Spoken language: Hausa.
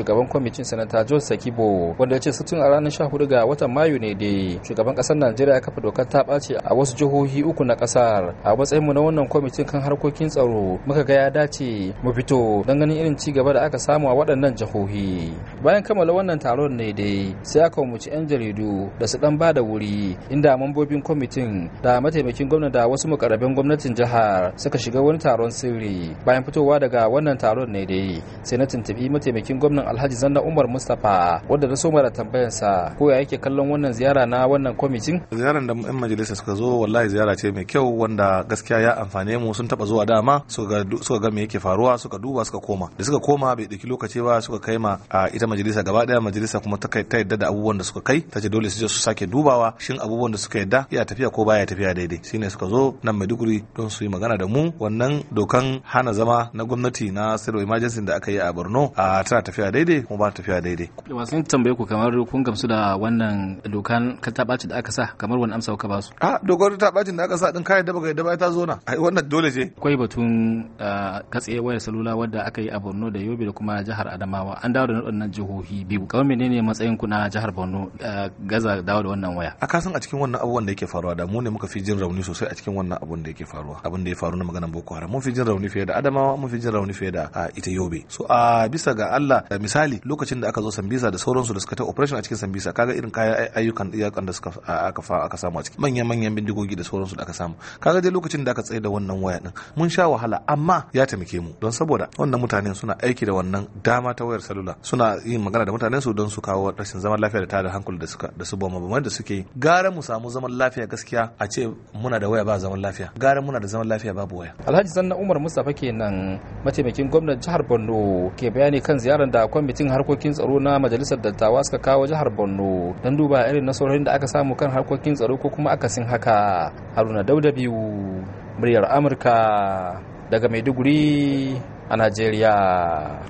shugaban kwamitin sanata George Sakibo wanda ya ce tun a ranar sha hudu ga watan Mayu ne da shugaban kasar Najeriya ya kafa dokar ta ɓace a wasu jihohi uku na kasar a matsayin mu na wannan kwamitin kan harkokin tsaro muka ga ya dace mu fito don ganin irin ci gaba da aka samu a waɗannan jihohi bayan kammala wannan taron ne dai sai aka umarci 'yan jaridu da su dan bada wuri inda mambobin kwamitin da mataimakin gwamna da wasu mukarabin gwamnatin jihar suka shiga wani taron sirri bayan fitowa daga wannan taron ne dai sai na tuntubi mataimakin gwamnan alhaji zanna umar mustapha wadda ta so mara sa ko ya yake kallon wannan ziyara na wannan kwamitin ziyarar da yan majalisa suka zo wallahi ziyara ce mai kyau wanda gaskiya ya amfane mu sun taba zuwa dama suka ga me yake faruwa suka duba suka koma da suka koma bai ɗauki lokaci ba suka kai ma ita majalisa gaba daya majalisa kuma ta kai ta yadda da abubuwan da suka kai ta ce dole su je su sake dubawa shin abubuwan da suka yadda ya tafiya ko baya tafiya daidai shine suka zo nan Maiduguri don su yi magana da mu wannan dokan hana zama na gwamnati na sirri emergency da aka yi a Borno a tana tafiya daidai daidai kuma ba tafiya daidai wasan tambaye ku kamar kun gamsu da wannan dokan kan ta da aka sa kamar wani amsa ka basu. a dokar ta bacin da aka sa din kai da baka da ta zo na ai wannan dole ce akwai batun katse wayar salula wadda aka yi a Borno da Yobe da kuma jihar Adamawa an dawo da waɗannan jihohi biyu kamar menene matsayin ku na jihar Borno gaza dawo da wannan waya a kasan a cikin wannan abubuwan da yake faruwa da mu ne muka fi jin rauni sosai a cikin wannan abun da yake faruwa abin da ya faru na maganar Boko Haram mun fi jin rauni fiye da Adamawa mun fi jin rauni fiye da ita Yobe so a bisa ga Allah misali lokacin da aka zo sambisa da sauransu da suka ta operation a cikin sambisa kaga irin kayan ayyukan iyakan da suka aka samu a ciki. manyan manyan bindigogi da sauransu da aka samu kaga dai lokacin da aka tsaye da wannan waya din mun sha wahala amma ya taimake mu don saboda wannan mutanen suna aiki da wannan dama ta wayar salula suna yin magana da mutanen su don su kawo rashin zaman lafiya da da hankali da suka da su bomba bomba da suke gara mu samu zaman lafiya gaskiya a ce muna da waya ba zaman lafiya gara muna da zaman lafiya babu waya alhaji sanna umar mustafa kenan mataimakin gwamnan jihar borno ke bayani kan ziyarar da kwamitin harkokin tsaro na majalisar dattawa suka kawo jihar borno don duba irin nasarorin da aka samu kan harkokin tsaro ko kuma akasin haka haruna dauda biyu muryar amurka daga maiduguri a najeriya